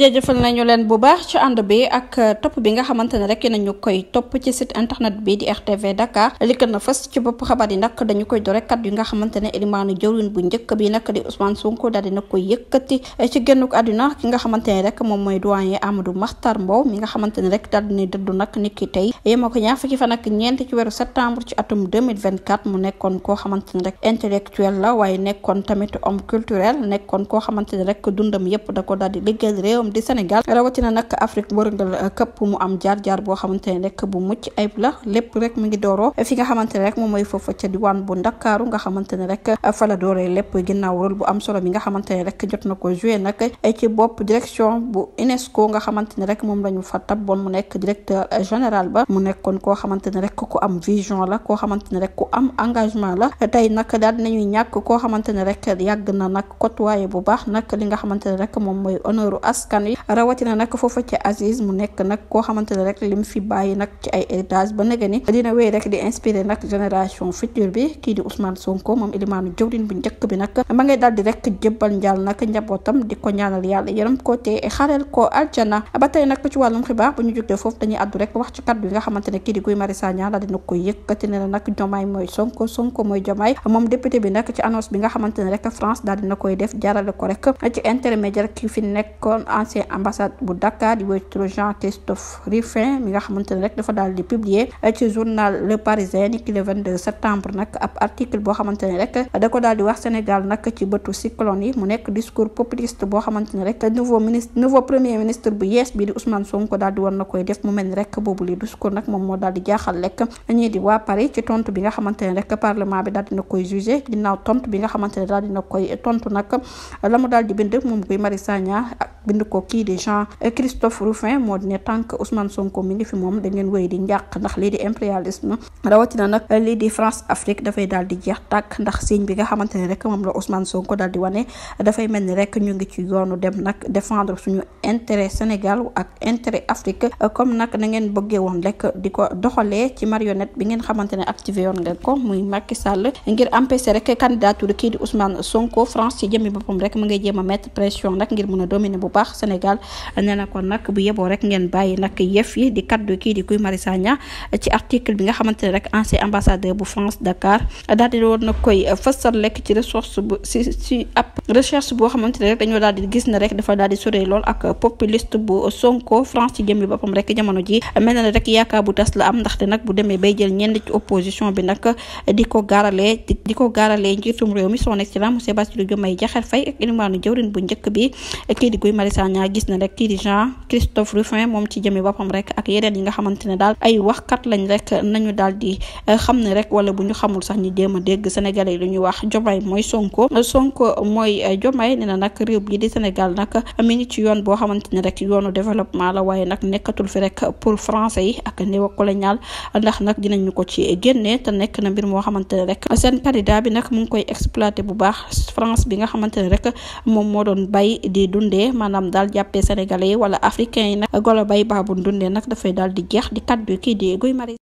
jëjëfal nañu leen bu baax ci ànd bi ak euh, topp bi nga xamante ne rek nañu koy topp ci site internet bi di RTV Dakar li gën a fës ci bopp xabaar yi nag dañu koy dore kat yu nga xamante ne élimaanu jëwriñ bu njëkk bi nag di Ousmane Sonko daal dina koy yëkkati euh, ci génnuk àdduna ki nga xamante ne rek moom mooy doyen Amadou Makhtar Mbow mi nga xamante ne rek daal dina dëddu nak nit ki tey yéema ko ñaar fukki fan ak ñeent ci weeru septembre ci atum 2024 mu nekkoon koo xamante ne rek intellectuel la waaye nekkoon tamit homme culturel nekkoon koo xamante ne rek dundam yépp da ko daal réewam di Sénégal rawatina nag Afrique wërngal uh, këpp mu am jaar-jaar boo xamante ne rek bu mucc ayib la lépp rek mu ngi dooroo fi nga xamante ne rek moom mooy uh, la jot na ko joué nag uh, ci bopp direction bu UNESCO nga xamante rek la ñu fa tabboon mu nekk directeur général ba mu nekkoon koo xamante ne rek ku am vision la koo xamante ne rek ku am engagement la tey nag daal dinañuy ñàkk koo xamante ne rek yàgg na nag bu baax nag li nga xamante rek moom mooy honneur askan askan wi rawatina nag foofa ci Aziz mu nekk nag koo xamante ne rek lim fi bàyyi nag ci ay héritage ba nega ni dina wéy rek di inspiré nag génération future bi kii di Ousmane Sonko moom ilimaanu di rek jébbal njaal nag ko ñaanal yàlla yërëm ko te xareel ko aljana ba tey nag ci wàllum xibaar bu ñu jógee foofu mooy jomaay moom député bi nag ci annonce bi nga xamante ne rek France daal dina koy def jaarale ko rek ci intermédiaire ki fi ancien ambassade bu Dakar di wéyturo Jean Christophe Rifin mi nga xamante rek dafa daal di publier ci journal Le Parisien ni ki le 22 septembre nak ab article bo xamante rek da ko daal di wax Sénégal nak ci bëtu cyclone yi mu nekk discours populiste bo xamante rek nouveau ministre nouveau premier ministre bu yees bi di Ousmane Sonko daal di won na koy def mu mel rek bobu li discours nag moom moo daal di jaxal lek ñi di wa Paris ci tontu bi nga xamante rek parlement bi daal dina koy jugé ginnaaw tontu bi nga xamante ne daal dina tontu nak lamu mu daal di bind moom Guy Marius Sagna ak bind ko kii di Jean eh, Christophe Rufin moo di ne tànk Ousmane Sonko mi ngi fi moom da ngeen wéy di njàq ndax lii di impérialisme rawatina nag eh, lii di France Afrique dafay daal di jeex tàkk ndax signe bi nga xamante ne rek moom la Ousmane Sonko daal di wane dafay mel ni rek ñu ngi ci yoonu dem nag défendre suñu intérêt Sénégal ak intérêt Afrique eh, comme nag na ngeen bëggee woon rek di ko doxalee ci marionnette bi ngeen xamante ne activé yoon ngeen ko muy Macky Sall ngir empêcher rek candidature kii di Ousmane Sonko France ci jëmmi rek mu ngay jéem a mettre pression nag ngir mën a dominer bu baax Sénégal nee na kon nag bu yeboo rek ngeen bàyyi nag yëf yi di kaddu kii di kuy Marius Sagna ci article bi nga xamante ne rek ancien ambassadeur bu France Dakar daal di woon na koy fësal lekk ci ressource bu si si ab recherche boo xamante ne dañoo daal di gis ne rek dafa daal di sore lool ak populiste bu Sonko France ci jëmmi boppam rek jamono ji mel na rek yaakaar bu tas la am ndaxte nag bu demee bay jël ñenn ci opposition bi nag di ko gaaralee di ko gaaralee njiitum réew mi son excellence monsieur Bassirou Diomaye Diakhar Faye ak ilimaanu jëwrin bu njëkk bi kii di Guy Marius Sagna gis na rek kii di Jean Christophe Rufin moom boppam rek ak yeneen yi nga xamante ne daal ay waxkat lañ rek nañu daal di eh, xam ne rek wala bu ñu xamul sax ñu jéem a dégg sénégalais yi ñuy wax Diomaye mooy Sonko Sonko mooy eh, Diomaye nee na nag réew bi di Sénégal nag mi ci yoon boo xamante ne rek yoonu développement la waaye nag nekkatul fi rek pour français yi ak néocolonial ndax nag dinañu ko ci génne te nekk na mbir moo xamante ne rek seen candidat bi nag mu ngi koy exploité bu baax France bi nga xamante ne rek moom moo doon bay di dundee maanaam daal jàppee sénégalais wala africain yi nag golo bay baabun dundee nag dafay daal di jeex di kaddu kii di Guy Marius